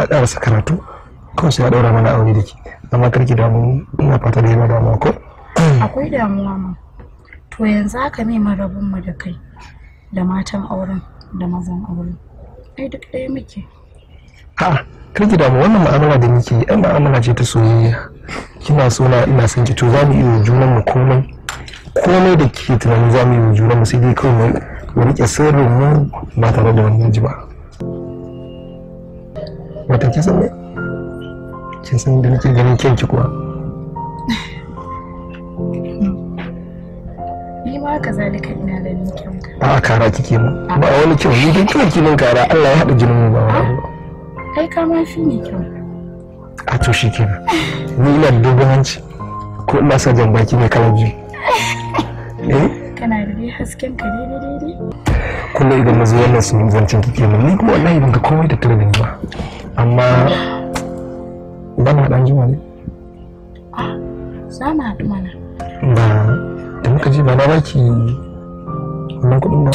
na ƙarasa karatu kawai sai ya ɗaura mana aure da ke amma karki damu ina fata da yana damuwa ko akwai damuwa ma to yanzu haka ne marabin mu da kai da matan auren da mazan auren ai duk ɗaya muke a karki damu wannan ma'amala da muke yi ɗan ma'amala ce ta soyayya kina so na ina son ki to za mu iya junan mu komai komai da ke tunanin za mu iya junan mu sai dai kawai mu riƙe sirrin mu ba tare da wani ji ba wata kisan ne kin san da nake ganin kyanki kuwa ni ma ka zalika ina ganin kyanka a kara kike mu ba wani kyau ni kin kyau kinin kara Allah ya haɗa jinin mu ba wani kai ka ma shi ne kyau a to shi kenan ni ina da dogon hanci ko ina sa jan baki mai kalan biyu eh kana da dai hasken ka daidai daidai kullum idan mazo nan sun zancen kike mu. ni kuma wallahi ban ga komai da turbin ba amma ba na dan jima ne ah, za mu haɗu mana ba da muka ji ba na baki wannan kuɗin ba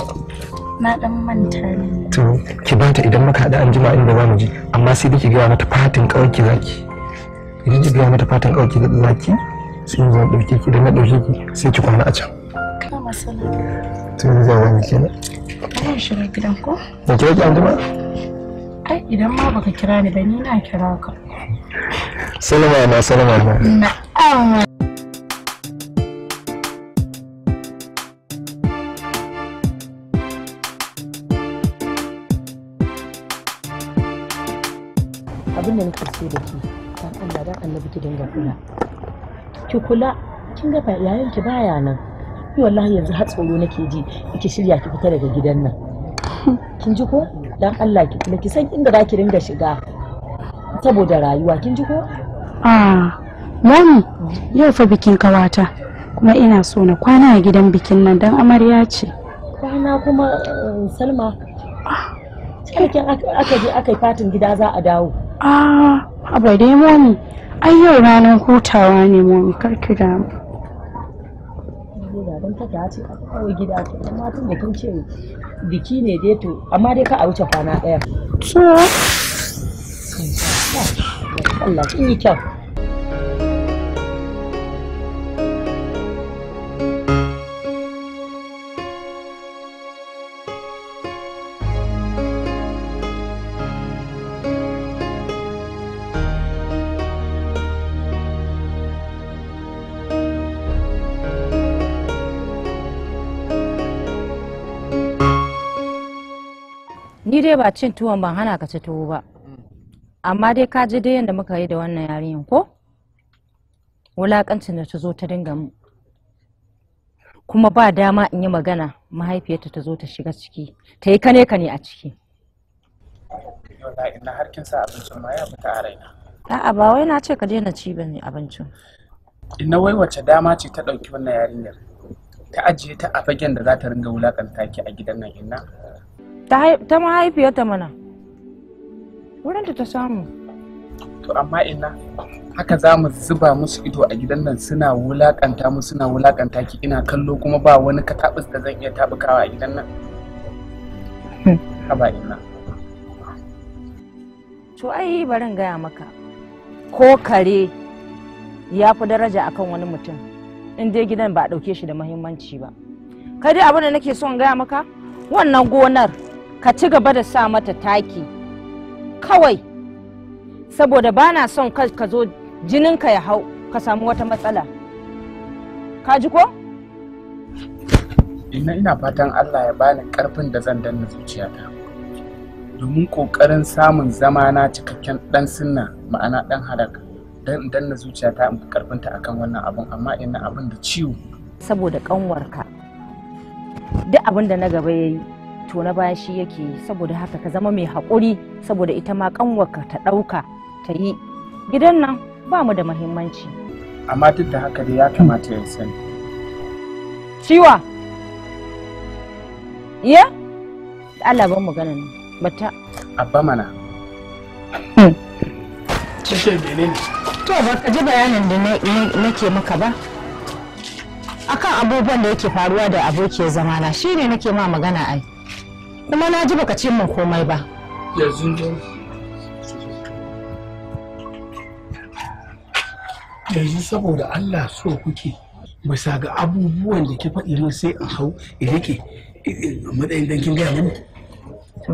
na dan manta ne to ki bata idan muka haɗu an jima inda za mu ji amma sai dai ki gaya mata fatin ƙauki zaki idan ki gaya mata fatin ƙauki zaki sai zan ɗauke ki idan na ɗauke ki sai ki kwana a can Kana masala to zai wani kenan zan shiga gidan ko da ke yake an jima idan ma baka kira ni ba ni na kira ka salama na salama na na'am abin da nake so da ke dan Allah dan annabi ki dinga kula ki kula kin ga yayin ki baya nan ni wallahi yanzu har tsoro nake ji kike shirya ki fita daga gidan nan kin ji ko dan Allah ki kula ki san inda zaki ki ringa shiga saboda rayuwa kin ji ko ah mami yau fa bikin kawata kuma ina so na kwana a gidan bikin nan dan amarya ce kwana kuma um, salma cikin aka je aka yi fatin gida za a dawo ah abai dai mami ai yau ranar hutawa ne mami karki damu leda don ta ta ci kawai gida to amma tun da kin ce biki ne dai to amma dai ka a wuce kwana ɗaya. Allah kin yi kyau. ni dai ba cin tuwon ban hana ka ci tuwo ba amma dai ka ji dai yadda muka yi da wannan yarinyan ko wulaƙancin da ta zo ta dinga mu kuma ba dama in yi magana mahaifiyarta ta zo ta shiga ciki ta yi kane kane a ciki ina har kin sa abincin ma ya fita a raina a'a ba wai na ce ka daina ci ne abincin ina wai wace dama ce ta ɗauki wannan yarinyar ta ajiye ta a fagen da za ta ringa wulaƙanta ki a gidan nan inna ta mahaifiyarta mana wurinta ta samu to amma ina haka za mu zuba musu ido a gidan nan suna wulakanta mu suna wulakanta ki ina kallo kuma ba wani katabus da zan iya tabukawa a gidan nan haba ina to ai barin gaya maka ko kare ya fi daraja akan wani mutum in dai gidan ba a ɗauke shi da muhimmanci ba kai dai abin da nake son gaya maka wannan gonar ka ci gaba da sa mata taki kawai saboda ba na son ka zo jininka ya hau ka samu wata matsala ka ji ko? ina ina fatan allah ya bani karfin da zan danna zuciyata domin kokarin samun zama na cikakken dan sinna ma'ana dan haraka, dan danna zuciyata in karfinta akan wannan abun amma ina abin da ciwo saboda kanwarka duk abin da na gaba yayi to na baya shi yake yi saboda haka ka zama mai haƙuri saboda ita ma kanwarka ta ɗauka ta yi gidan nan ba mu da muhimmanci amma duk da haka da ya kamata ya sani ciwa iya Allah ban magana ne bata abba mana hmm. cikin menene to ba ka ji bayanin da nake maka ba akan abubuwan da yake faruwa da abokiyar zamana shine nake ma magana ai kuma na ji baka ce min komai ba yanzu yanzu saboda Allah so kuke bisa ga abubuwan da ke faɗi min sai in hau in rike matsayin dankin gaya mun.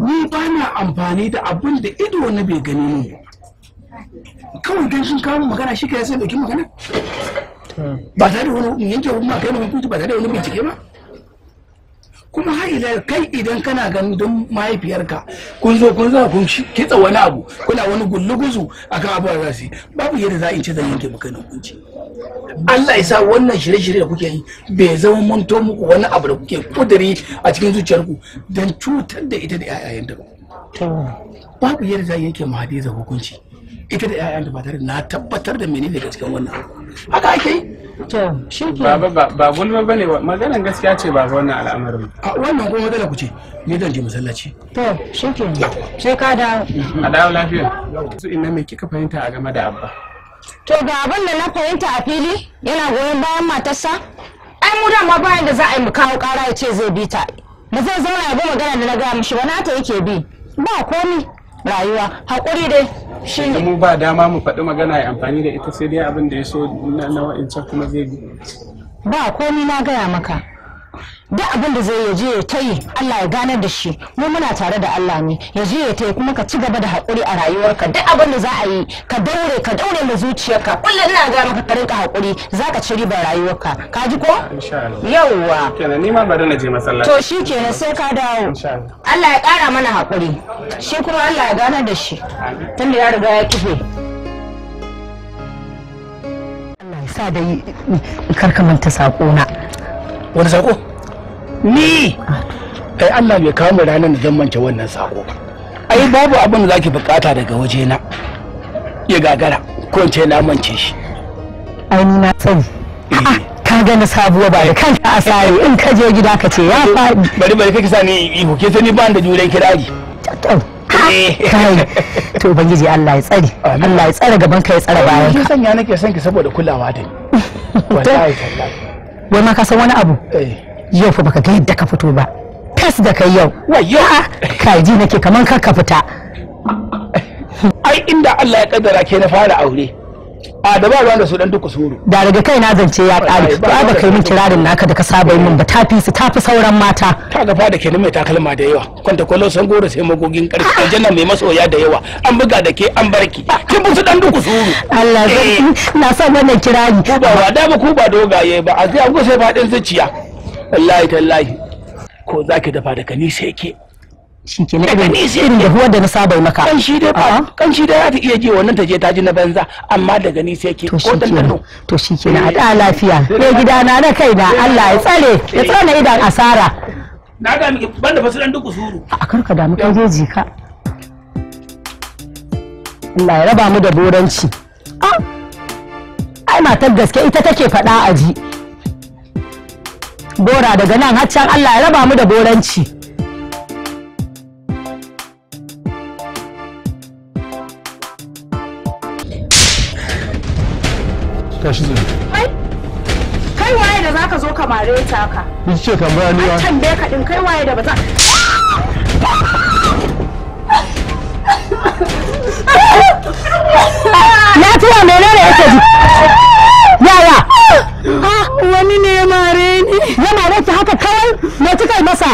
ni ba na amfani da abin da ido na bai gani mun. kawai dan sun kawo magana shi ka yasa dauki magana hmm. ba tare da wani yanke wani magana hukunci ba tare da wani bincike ba kuma har ila kai idan kana ganin don mahaifiyarka kun zo kun za kun kitsa wani abu kuna wani gulluguzu akan abuwa za su yi babu yadda za a yi ce zan yanke maka hukunci Allah ya sa wannan shirye-shirye da kuke yi bai zama manto muku wani abu da kuke kudiri a cikin zuciyarku don cutar da ita da 'ya'yanta ba babu yadda za a yanke ma Hadiza hukunci ita da 'ya'yan ba tare na tabbatar da menene daga cikin wannan haka ake yi to shi ke ba ba ba gulma bane maganan gaskiya ce ba wannan al'amarin a wannan kuma magana ku ce ni zan je masallaci to shi ke sai ka da a dawo lafiya su inna me kika fahimta a game da abba to ga abin da na fahimta a fili yana goyon bayan matarsa ai mu dama bayan da za a yi mu kawo kara ya ce zai bi ta ba zai zauna ya bi magana da na gaya mishi wani ta yake bi ba komi rayuwa haƙuri dai shin mu ba dama mu faɗi magana ya amfani da ita sai dai abin da ya so na wa'ancan kuma zai bi ba komi na gaya maka duk abin da zai yaje ya ta yi Allah ya ganar da shi mu muna tare da Allah ne ya je ya ta yi kuma ka ci gaba da hakuri a rayuwarka duk abin da za a yi ka daure ka daure da zuciyarka kullum ina ga maka ka rinka haƙuri za ka ci ribar rayuwarka ka ji ko yawwa kenan ni ma ba je masallaci to shi kenan sai ka dawo Allah ya ƙara mana haƙuri shi kuma Allah ya ganar da shi tunda ya riga ya kife Allah ya sa da karkamanta saƙona wani saƙo ni kai Allah bai kawo mu ranar da zan mance wannan sako ba ai babu abin da zaki bukata daga waje na ya gagara ko in ce na mance shi ai ni na sani eh. ka ga na sabuwa ba da kanka a sare in ka je gida ka ce ya faɗi bari bari kake sani ihu ke sani ba da juren kirari eh. kai to ubangiji Allah ya tsare Allah ya tsare gaban ka ya tsare bayan ka sanya nake son ki saboda kulawa da ni wallahi wallahi wai ma ka san wani abu eh yau fa baka ga yadda ka fito ba tas da kai yau Ka kaji nake kaman kar ka fita ai inda Allah ya kaddara ke na fara aure a da ba ruwan da su dan duka suru da daga kai na zance ya kare ba da kai min kirarin naka da ka saba min ba tafi su tafi sauran mata ta ga fa da ke mai takalma da yawa kwanta kwallo san goro sai magogin karfi aljanna mai masoya da yawa an buga da ke an barki kin su dan duka suru Allah zan eh. na san wannan kirari ba wa da ba ku ba dogaye ba a zai ku sai fadin zuciya wallahi tallahi ko zaki dafa daga ni sai ke shi ke daga ni sai irin dahuwar da na saba maka kan shi dai ba kan shi dai za ta iya je wannan ta je ta ji na banza amma daga ni sai ke ko dan dan to shi ke na da lafiya ne gida na na kai na Allah ya tsare ya tsare idan asara na ga miki banda fasu dan duk usuru a karka da mu kai je jika Allah ya raba mu da boranci ah! ai matar gaske ita take faɗa a ji bora daga nan har can Allah ya raba mu da boranci. Kashi zuwa. Kai, waye da zaka zo ka mare ta ka? Ni ce kan baya ni ba. An tambaye ka din kai waye da ba za. tuwa menene yake ji? yaya ah, wani ne ya mare ni Yana da ta haka kawai mai ta kai masa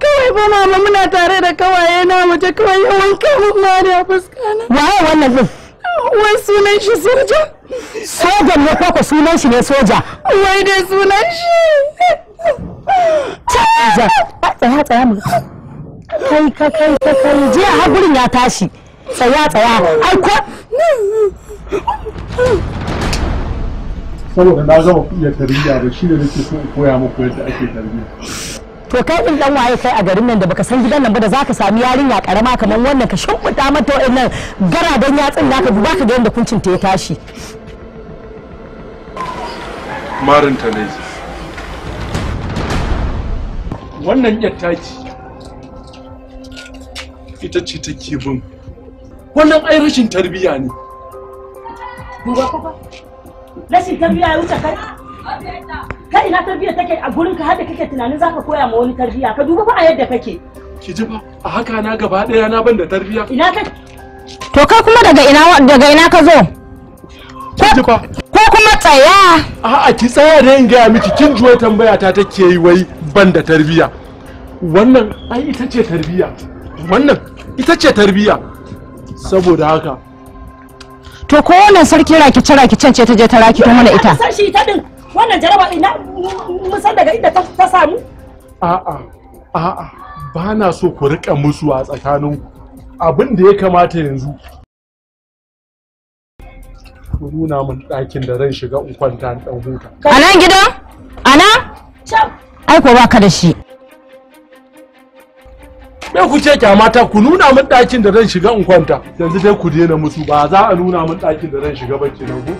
kawai ba mama muna tare da kawaye na mace kawai ya wanka mun mare a fuskana waye wannan din wai sunan shi soja sojan ne ko sunan shi ne soja wai dai sunan shi ah, tsaya tsaya mu kai ka kai ka kai jiya a gurin ya tashi tsaya tsaya ai ko saboda na zama iya tarbiyya ba shi ne nake so in koya muku yadda ake tarbiyya to kai din dan waye kai a garin nan da baka san gidan nan ba da zaka sami yarinya karama kamar wannan ka shimfiɗa mata waɗannan garadan yatsun naka ba ka ga yadda kuncin ta ya tashi marin ta ne wannan yattaki ita ce take bin wannan ai rashin tarbiyya ne ba rashin tarbiyya ya wuce kai kai ina tarbiyya take a gurin ka har da kake tunanin zaka koya ma wani tarbiyya ka duba fa a yadda kake ki ji fa a haka na gaba daya na ban da tarbiyya ina ka to kai kuma daga ina daga ina ka zo ki ji ba ko kuma tsaya a'a ki tsaya da in gaya miki kin juwa tambaya ta take yi wai ban da tarbiyya wannan ai ita ce tarbiyya wannan ita ce tarbiyya saboda haka to ko wannan sarki rakice rakicen ce ta je ta rakito mana ita san ta din wannan jaraba ina musan daga inda ta samu a'a a'a ba na so ku rika musu a tsakanin abin da ya kamata yanzu ku nuna min ɗakin da zan shiga in kwanta dan huta a nan gidan a nan ai ko baka da shi sai ku ce mata ku nuna min ɗakin da zan shiga in kwanta yanzu dai ku daina musu ba za a nuna min ɗakin da zan shiga ba kenan ku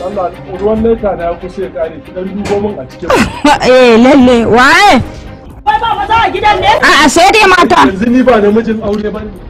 Allah ruwan leta na ya kusa ya kare ki dan dubo min a cikin eh lalle waye ba ba maza a gidan ne a'a sai dai mata yanzu ni ba namijin aure bane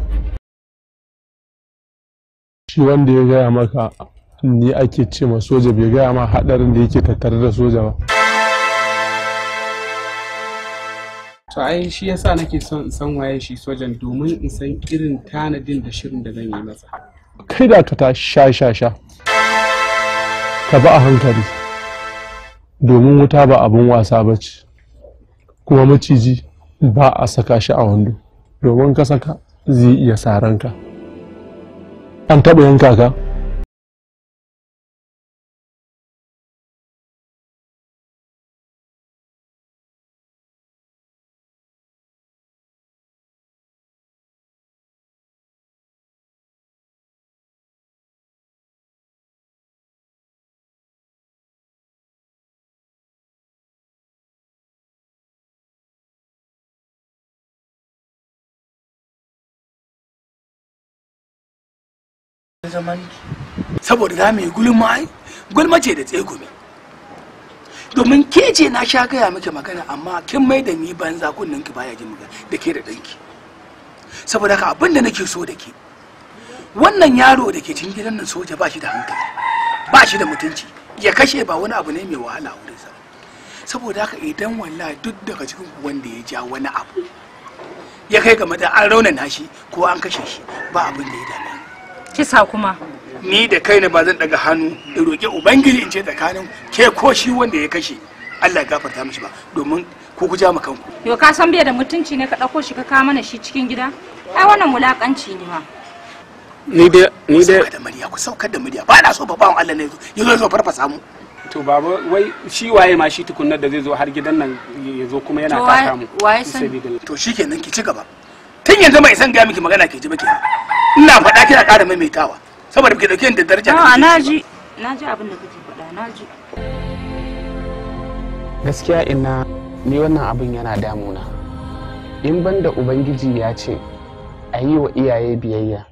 shi wanda ya gaya maka ni ake ce ma soja bai gaya ma hadarin da yake tattare da soja ba to ai shi yasa nake son in san waye shi sojan domin in san irin tanadin da shirin da zan yi masa kai da ka ta sha sha sha ka ba a hankali domin wuta ba abin wasa ba ce kuma maciji ba a saka shi a wando domin ka saka zai iya saranka. ka an taɓa yanka ka saboda za mu yi gulma ai gulma ce da tsegumi domin ke ce na sha gaya miki magana amma kin mai da ni banza kunnen ki baya jin magana da ke da danki saboda haka abin da nake so da ke wannan yaro da ke cikin gidan nan soja ba shi da hankali ba shi da mutunci ya kashe ba wani abu ne mai wahala wurin sa saboda haka idan wallahi duk daga cikin wanda ya ja wani abu ya kai game da an raunana shi ko an kashe shi ba abin da ya dame kisa kuma ni da kaina ba zan daga hannu in roƙi ubangiji in ce tsakanin ke ko shi wanda ya kashe Allah ya gafarta mishi ba domin ku ku ja mu kanku yo ka san bai da mutunci ne ka dauko shi ka kawo mana shi cikin gida ai wannan mulakanci ne ma ni dai ni dai da murya ku saukar da murya ba na so ba bawon Allah ne yazo zo zo farfasa mu to baba wai shi waye ma shi tukunnar da zai zo har gidan nan ya zo kuma yana kaka mu to waye san to shikenan ki ci gaba tun yanzu mai san ga miki magana ke ji miki ina faɗa kina ƙara maimaitawa saboda kike dauke da daraja a naji naji abin da kake faɗa naji gaskiya ina ni wannan abin yana damuna in banda ubangiji ya ce a yi wa iyaye biyayya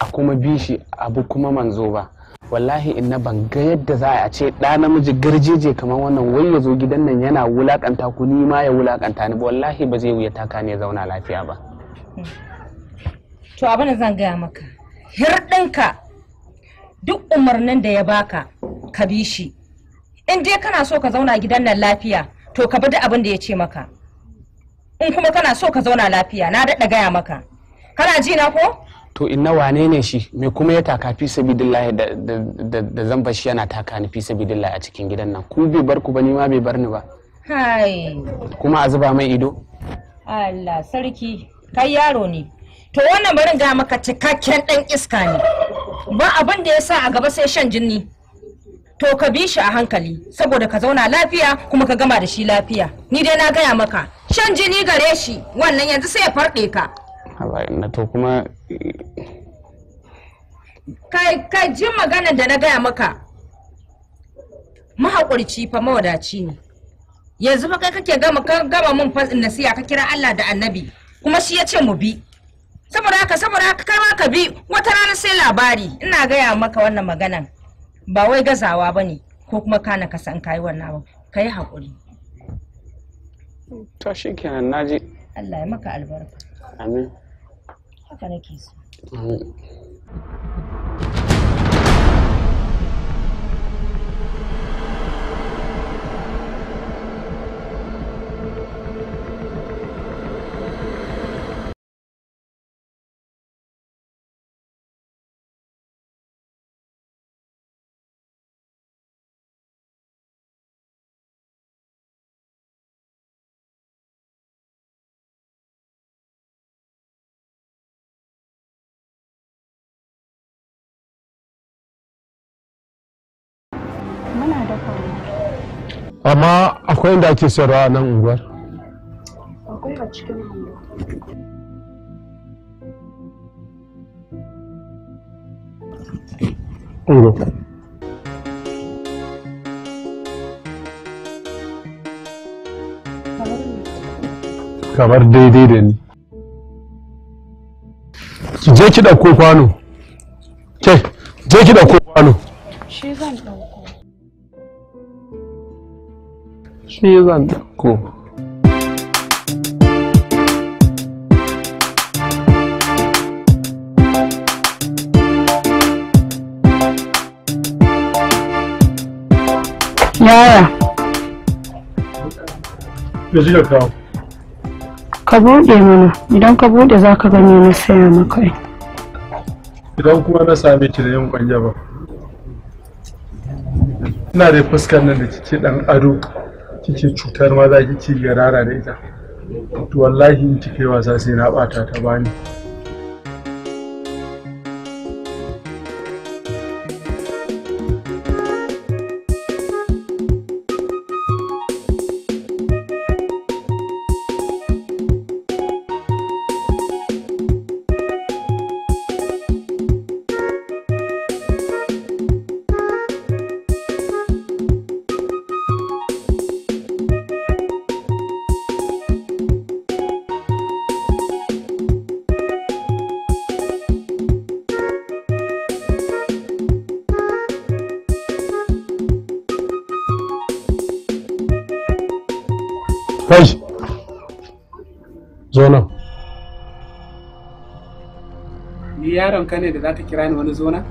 a kuma bishi abu kuma manzo ba wallahi na ban ga yadda za a ce ɗa namiji garjeje kamar wannan wai ya zo gidan nan yana wulakanta ku ni ma ya wulakanta ni wallahi ba zai wuya taka ne zauna lafiya ba to abin da zan gaya maka hirɗinka duk umarnin da ya baka ka bi shi in dai kana so ka zauna gidan nan lafiya to ka bi duk abin da ya ce maka in kuma kana so ka zauna lafiya na daɗa gaya maka kana ji na ko to inna wane ne shi me kuma ya taka fi sabidillahi da zan shi yana taka ni fi sabidillahi a cikin gidan nan ku bai bar ku ba ni bai bar ni ba kuma a zuba mai ido Allah sarki kai yaro ne to wannan barin ga maka cikakken dan iska ne ba abin da ya sa a gaba sai shan jinni to ka bi shi a hankali saboda ka zauna lafiya kuma ka gama da shi lafiya ni dai na gaya maka shan jini gare shi wannan yanzu sai ya farɗe ka to kuma ka ji maganar da na gaya maka mahaƙurci fa mawadaci ne yanzu fa kai kake gama gama mun fa nasiya ka kira Allah da Annabi kuma shi ya ce mu bi saboda haka saboda haka kai ma ka bi wata rana sai labari ina gaya maka wannan maganan ba wai gazawa bane ko kuma kana ka san kai wannan ba kai haƙuri to shikenan naji Allah ya maka albarka amin haka nake so amma akwai inda ake sayarwa a nan unguwar kamar daidai da ni ki je ki dauko kwano ke je ki dauko kwano shi zan dauko shi zan ko yaya da da kawo ka bude mana idan ka bude za ka gani na saya maka idan kuma na same ki da yin kwanja ba ina da fuskar nan da kike dan ado kike cutar ma maza ci gara da ita to wallahi in kike wasa sai na bata ta bani kai zo ni yaron ka ne da za ta kira ni wani zona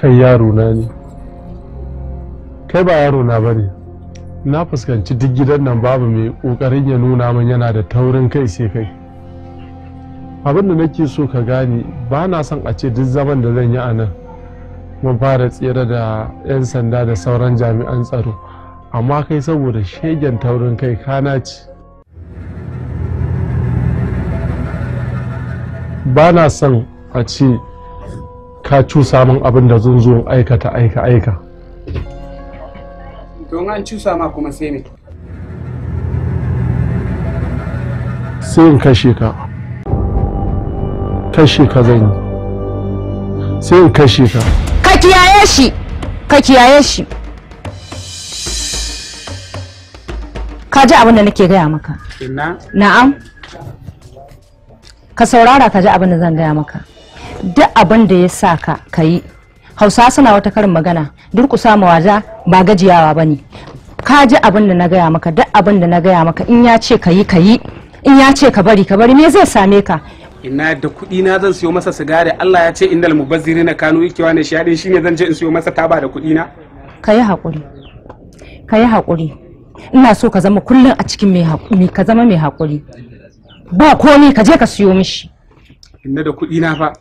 kai yaro na ne kai ba yaro na bane na fuskanci duk gidan nan babu mai kokarin ya nuna min yana da taurin kai sai kai abin da nake so ka gane ba na son a ce duk zaman da zan yi a nan mun fara tsere da 'yan sanda da sauran jami'an tsaro amma kai saboda shegen taurin kai kana ci ba na son a ce ka cusa min abin da zan zo aikata aika aika don an cusa ma kuma sai ne sai in kashe ka kashe ka zan yi sai in kashe ka ka kiyaye shi ka kiyaye shi ka ji abin da nake gaya maka na'am ka saurara ka ji abin da zan gaya maka duk abin da ya sa ka ka yi hausa suna wata karin magana durkusa mawaja ba gajiyawa ba ne ka ji abin da na gaya maka duk abin da na gaya maka in ya ce ka yi ka yi in ya ce ka bari ka bari me zai same ka ina da kuɗi na zan siyo masa sigari Allah ya ce innal mubazziri na kanu yikewa ne shi shine zan je in siyo masa taba da kuɗi na kayi hakuri yi hakuri ina so ka zama kullum a cikin mai ka zama mai haƙuri ba komai ka je ka siyo mishi inna da kuɗi na fa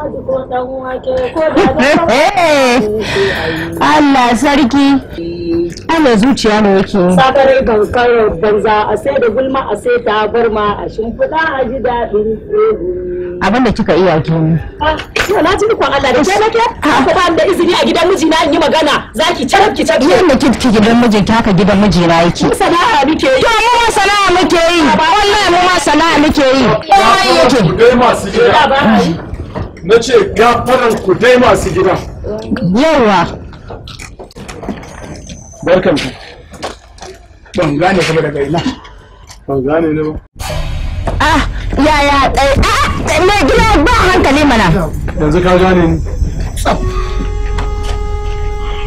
Allah sarki Allah zuciya ne yake sakar banza a sai da gulma a sai ta barma a shimfiɗa a ji daɗin abin da kika iya ke ni ah, na ji dukkan Allah da ke nake a ah. da izini a gidan mijina in yi magana za ki carab ki carab gidan mijin haka gidan mijina yake mu sana'a muke yi to mu sana'a muke yi wallahi mu ma sana'a muke yi kowa yake na ce faran ku dai masu gida yawa barkan ku ban gane kuma daga ina ban gane ne ba ah yaya ɗai eh, ah, ah mai gina ba hankali mana yanzu ka gane ni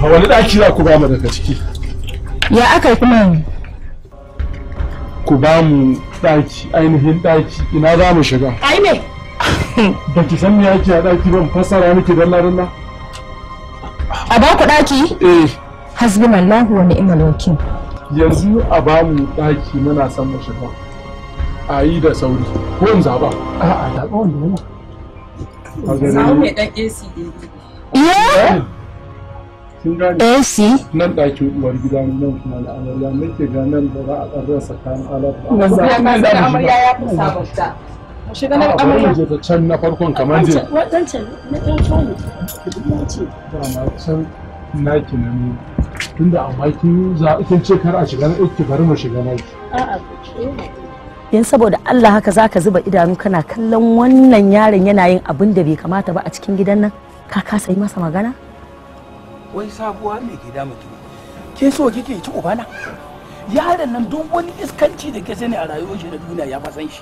a wani ɗaki za ku ba mu daga ciki ya aka yi kuma ku ba mu ɗaki ainihin ɗaki ina za mu shiga ai me ba ki san me yake a daki ba fassara miki dalla dalla a ba ku daki eh hasbunallahu wa ni'mal wakil yanzu a ba mu daki muna son mu shiga a yi da sauri ko in zaba a'a da tsawon da yana mu mai ɗan AC Iya? Kin gane? AC? Nan ɗakin uwar gida nan kuma da amarya nake ga nan da za a ɗan rasa kayan alaƙa. Nan da amarya ya fi sabunta. shiga na kamar je ta can na farkon kamar je wancan na ɗan tsoro na ce dama can naki na ne da amma kin za kin ce kar a shiga na ki bari mu shiga naki a'a saboda Allah haka za ka zuba idanu kana kallon wannan yaron yana yin abin da bai kamata ba a cikin gidan nan ka kasa yi masa magana wai sabuwa me ke damu ki ke so kike ci ubana yaron nan don wani iskanci da ke sani a rayuwar shi na duniya ya fasan shi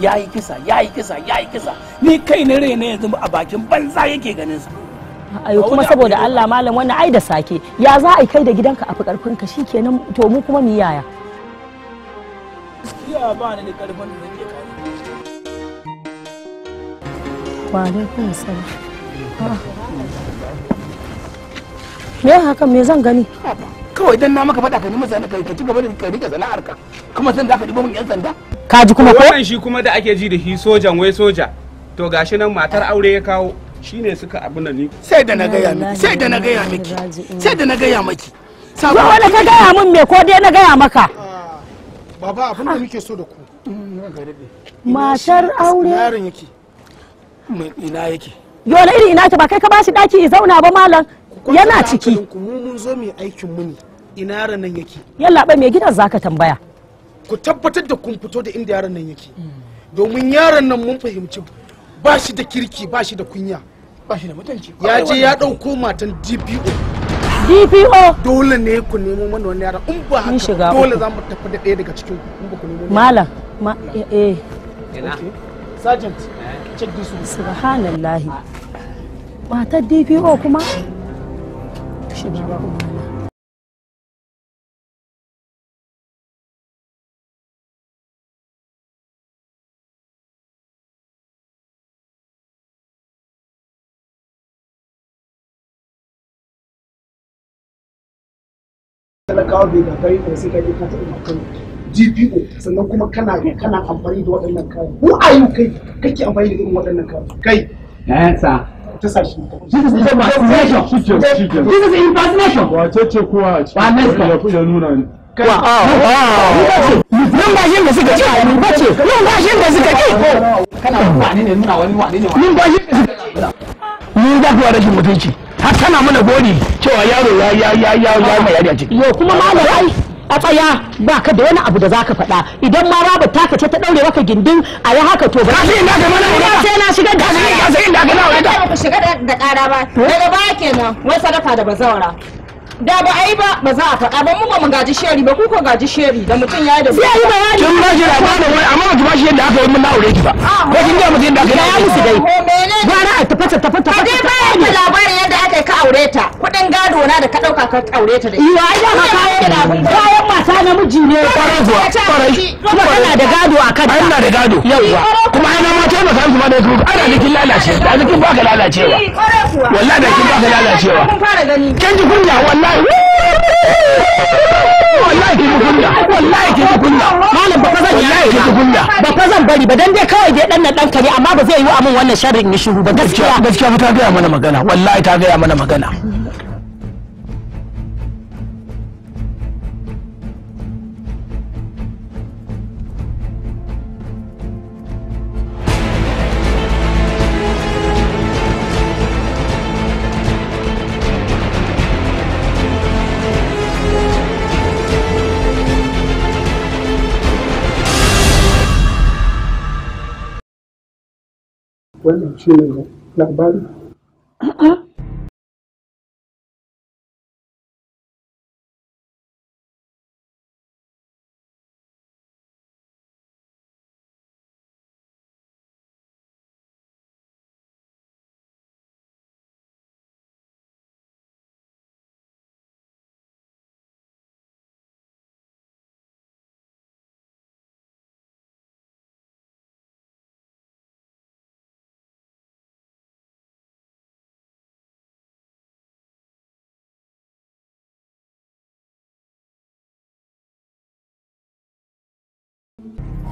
ya yi kisa ya yi kisa ya yi kisa ni kai na rai ne yanzu a bakin banza yake ganin sa ayo kuma saboda Allah malam wannan ai da sake ya za a kai da gidanka a fi karfin ka shikenan to mu kuma mu yaya gaskiya ba ni da karfin da nake kai wa alaikum salam ah. me haka me zan gani kawai dan na maka faɗa ka nemi sana ka ci gaba da ka rika sana'arka kuma zan za ka dubo min yan sanda kaji kuma ko wannan shi kuma da ake ji da shi sojan wai soja to gashi nan matar aure ya kawo shine suka abin nan ni sai da na gaya miki sai da na gaya miki sai da na gaya miki sabon wala ka gaya mun me ko dai na gaya maka ah, baba abin da muke ah. so da ku matar aure yaron yake ina yake yola iri ina ta ba kai ka bashi daki ya zauna ba malam yana ciki mu mun zo mu yi aikin mu ne ina ranan yake yalla ba me gidan zaka tambaya ku tabbatar da kun fito da inda yaron nan yake domin yaron nan mun fahimci ba shi da kirki ba shi da kunya ba shi da mutunci ya je ya ɗauko matan dpo dpo dole ne ku nemo mana wani yaron in ba haka dole za mu tafi da ɗaya daga cikin ku in ba ku nemo malam ma eh, eh. sergeant check this one subhanallahi matar dpo kuma shiga talakawa bai gagari da suka ka taɓa matan GPO sannan kuma kana kana amfani da waɗannan kayan ko a yau kai kake amfani da irin waɗannan kayan kai yayan sa ta sa shi this is impersonation wace ce kuwa a cikin wannan ya nuna nan bashin da suka ci a yi bace da suka ci kana wani ne nuna wani wani ne wani bashin da suka ci mun ga kuwa rashin mutunci tana mana gori cewa yaro ya ya ya ya ya ya ya ya kuma malam a tsaya ba ka da wani abu da zaka faɗa idan ma babu taka ce ta daure maka gindin a yi haka to ba ka sai ka shiga da ka sai inda ka shiga da ƙara ba daga da ba a yi ba ba za a faɗa ba mu ba mu gaji sheri ba kuka gaji sheri da mutum ya da sai yi ba wani ba wani amma ba ki ba shi yadda aka yi mun na aure ki ba ko kin ga mutum da ka yi ya musu dai ba a tafata tafata tafata ka dai ba labarin yadda aka ta kudin gado na da ka ka aure ta da iya iya ma kayan da kayan mata miji ne kwarai kuwa kwarai kuma kana da gado a kanta ana da gado yawwa kuma ana ma ta maka kuma da kuma ana da lalace da kin baka lalacewa wallahi da kin baka lalacewa kin ji kunya wallahi wallahi malam ba zan ba fa zan bari ba dan dai kawai dai dan nan dan kare amma ba zai yi amin wannan sharrin ya shiru ba gaskiya gaskiya ta ga mana magana wallahi ta ga mana magana wannan shi ne labari a'a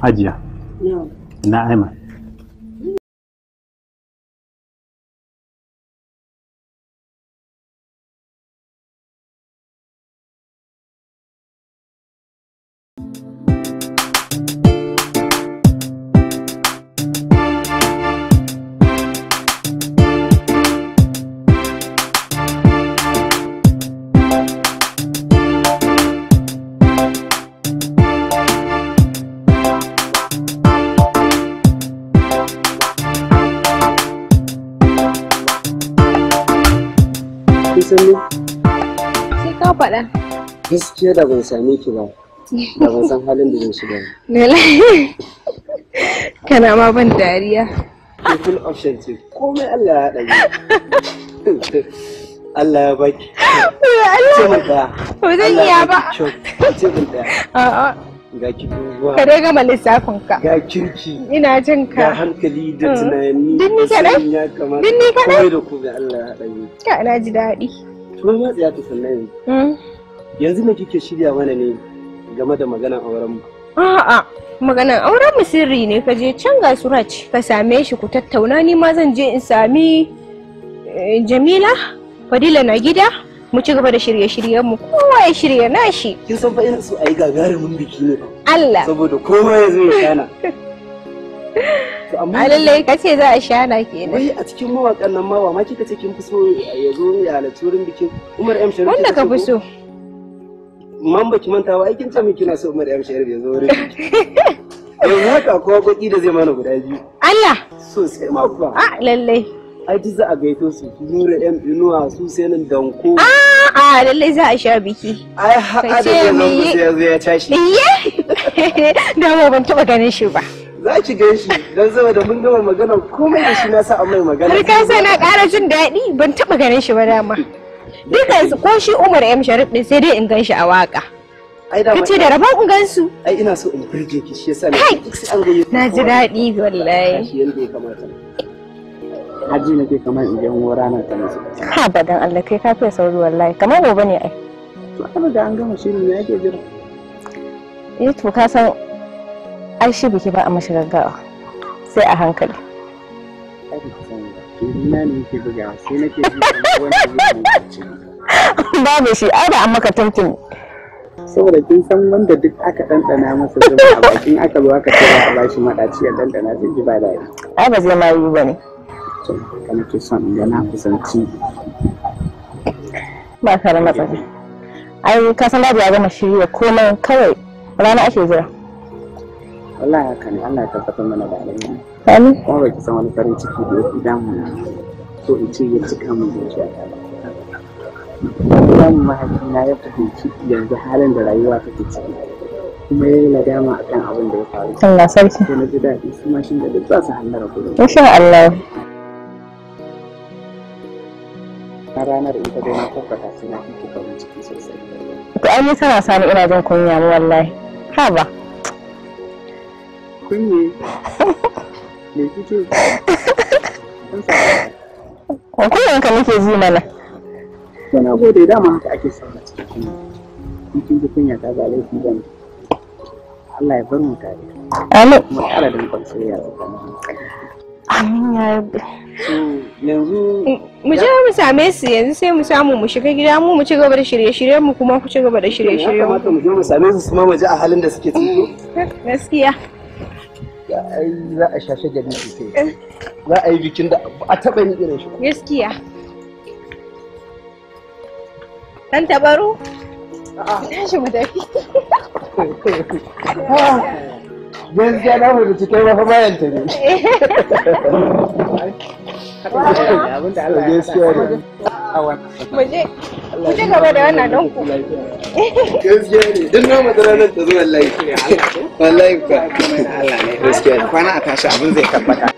Hajiya. Ina Aiman. Jiya da ban same ki ba, da ban san halin da zan shiga ba. Mela, kana ma ban dariya. Full option ce, komai Allah ya dage Allah ya baki. Allah ya ko zan iya ba. Cibin a a ga kiruwa ka dai malisa lissafin ka ga kirki ina jin ka ga hankali da mm. tunani din ni ka dai din ni ka dai kadai da ku ga Allah ya dage ka ina ji dadi to ma tsaya ta sannan yanzu mm. yanzu me kike shirya mana ne game da maganar auren mu a'a maganar auren mu sirri ne ka je can ga suraj ka same shi ku tattauna ni ma zan je in sami eh, jamila fadila na gida mu ci gaba da shirye-shiryen mu kowa ya shirya nashi kin san fa ina su ayi gagarumin biki ne Allah saboda kowa ya zo ya shana a lallai ka ce za a shana kenan wai a cikin mawakan nan ma ma kika ce kin fi so ya zo ya halarci wurin bikin Umar M Sharif wanda ka fi so man baki manta ba aikin ce miki kina so Maryam Sharif ya zo wurin yanzu haka ko goki da zai mana guda biyu Allah sosai ma kuwa Ah lallai ai duk za a gaito su nura ɗan inuwa su sai nan danko ah, ah lallai za a sha biki ai haɗa da nan ku sai zai ya tashi da ban taɓa ganin shi ba za ki gan shi zama saboda mun gama magana komai da shi na sa a mai magana har ka sai na ƙara jin daɗi ban taɓa ganin shi ba dama dukan su ko shi umar m sharif din sai dai in gan shi a waka kace da rabon in gansu ai ina so in burge ki shi yasa na ji daɗi wallahi shi yanda ya kamata haji na ke kamar in gan ranar ta musu ha badan Allah kai ka fiye sauri wallahi kamar gobe ne ai to da an gama shirin ne ke jira eh to ka san ai shi biki ba a mashi gaggawa sai a hankali ne buga sai nake wani babu shi ai da an maka tuntun saboda kin san wanda duk aka dandana masa zuba a bakin aka zo aka ce a bashi madaci ya dandana zai ji ba daɗi ai ba zai ma yi bane to kana ke son in na kusanci ba tare matsala ai ka san babu ya gama shirya komai kawai rana ake zira. wallahi haka ne Allah ya tabbatar mana da alheri Sani? Kuma ba ki san wani farin ciki da ya fi damuna. So in ce ya cika zuciya ta ba. mahaifina ya fahimci yanzu halin da rayuwa take ciki. Kuma ya yi nadama a kan abin da ya faru. Allah sarki. Ko na ji daɗi su ma shi da duk za su Insha Allah. Na ranar ita dai na tabbata sai na fi farin ciki sosai. To ai tana sani ina jin kunya wallahi. Ha ba. Kunye. me kike kuma nake ji mana na gode dama haka ake sauna cikin kunya ta zan Allah ya bar mu tare amin mu da kwanciyar amin ya rabbi yanzu mu je mu same su yanzu sai mu samu mu shiga gida mu mu ci gaba da shirye-shiryen mu kuma ku ci gaba da shirye-shiryen mu kamata mu je mu same su mu ji a halin da suke ciki gaskiya za a shashe gari sosai za a yi bikin da a taɓa yin irin shi gaskiya tabaru tashi mu tafi ah, gaskiya na kai mafi bayan ta ne gaskiya ne Ku ci gaba da wannan don ku. Gaskiya ne, duk na madara nan ta zo wallahi. Wallahi ka. Gaskiya ne, kwana a tashi abin zai tabbata.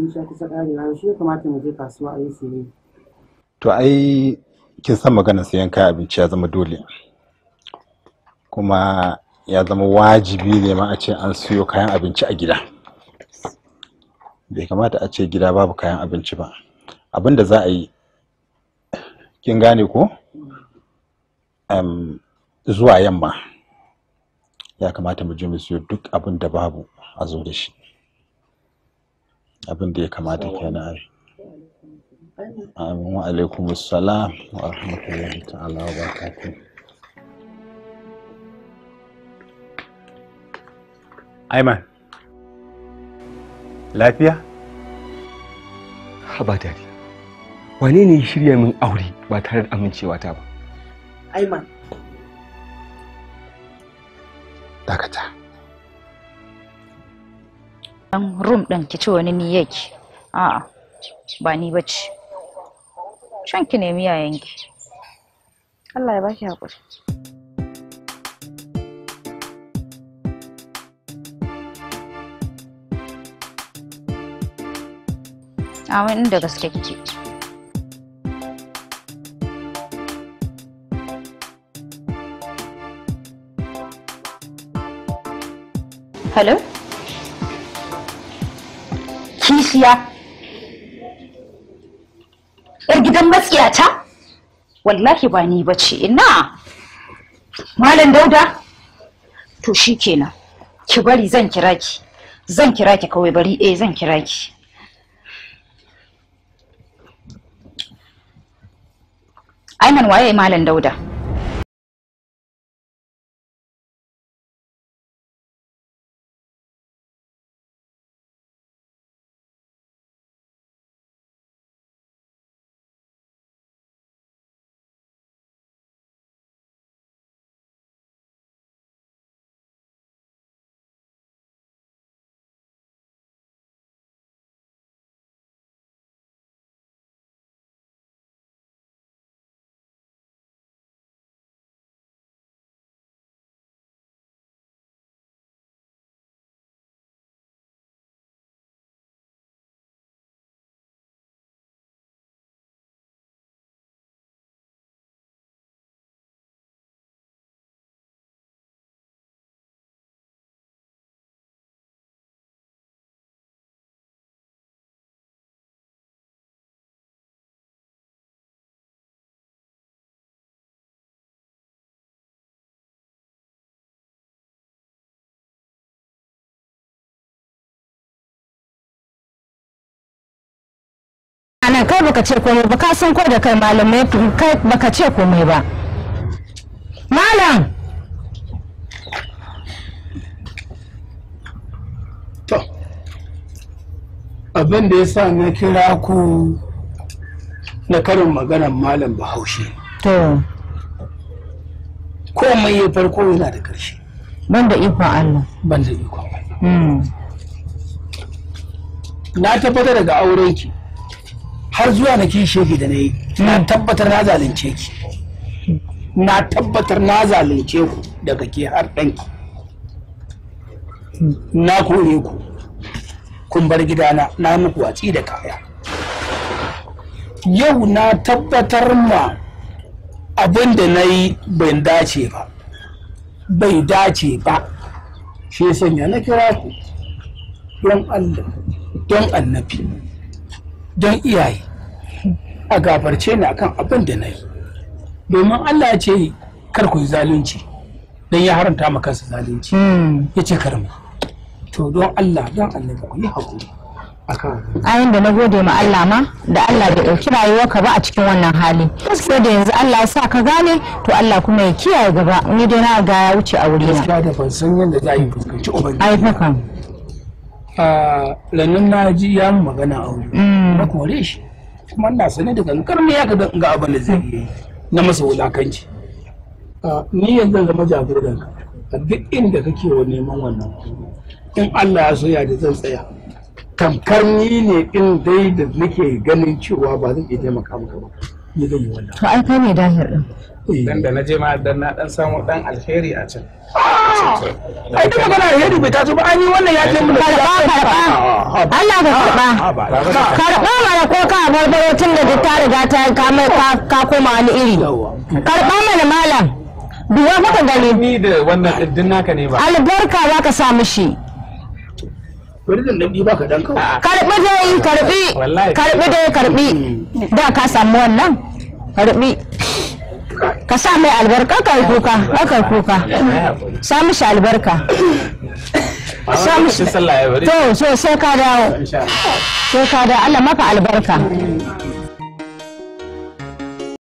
kuɗi sha kusa shi ya kamata mu je kasuwa siye. To ai kin san maganar sayan kayan abinci ya zama dole. Kuma ya zama wajibi ne ma a ce an siyo kayan abinci a gida. Bai kamata a ce gida babu kayan abinci ba. Abin da za a yi, kin gane ko? zuwa yamma ya kamata mu je mu siyo duk abin da babu a zo da shi. abin da ya kamata kenan ai amin wa alaikum assalam wa rahmatullahi ta'ala wa barakatuh Aiman lafiya haba dadi wane ne shirya min aure ba tare da amincewa ta ba Aiman dakata dan room din ki ce wani ni yake a'a ba ni bace Shan ki nemi yayanki Allah ya baki hakuri Amin inda gaske kike. Hello? kishiya yar gidan matsiyata wallahi ba ni ba ce ina malam dauda to shi kenan ki bari zan kira ki zan kira ki kawai bari eh zan kira ki Aiman waye malam dauda magana kai baka ce komai ba ka san ko da kai malamai kai baka ce komai ba malam to abin da ya sa na kira ku na karin maganar malam bahaushe to komai ya farko yana da ƙarshe ban da ikon allah ban da ikon allah hmm. na tabbatar daga aurenki har zuwa na kin shege da na yi na tabbatar na zalunce ki na tabbatar na zalunce ku daga ke har ɗanki na kore ku kun bar gidana na muku watsi da kaya yau na tabbatar ma abin da na yi bai dace ba bai dace ba shi sanya na kira ku don allah don annabi don iyaye a gafarce ni akan abin da na yi domin Allah ya ce kar ku yi zalunci don ya haramta ma kansa zalunci hmm. ya ce karma to don Allah don annabi ku yi haƙuri ayin da na gode ma Allah ma da Allah bai ɗauki ka ba a cikin wannan hali gaskiya da yanzu Allah ya sa ka gane to Allah kuma ya kiyaye gaba ni dai na ga ya wuce a wurina gaskiya da ban san yadda za a yi fuskanci ubangiji ai lannan na ji ya magana wuri mm. na kore shi kuma na sane da kankar ne ya ga abin da zai yi na masa wulakanci ni yanzu zama jagoran ka duk inda kake wa neman wannan in Allah ya soya da zan tsaya tamkar ni ne in dai da nake ganin cewa ba zan iya taimaka maka ba ni zan yi wannan to ai ne dahir din Eh. dan da na je ma dan na dan samu dan alheri a can ah! ai duka bana alheri bai tatu ba an yi wannan ya je mun karba karba ah, ah, Allah ka karba karba mana ko ka barbaro tun da ta riga ta ka mai ka koma wani iri karba mana malam duwa muka gani ni da wannan din naka ne ba albarka za ka samu shi karbi dai karɓi. Karɓi dai karɓi. Hmm. Da ka samu wannan. karbi ka sa mai albarka ka yi kuka ka yi kuka sa mishi albarka sa mishi to so sai ka dawo sai ka dawo Allah maka albarka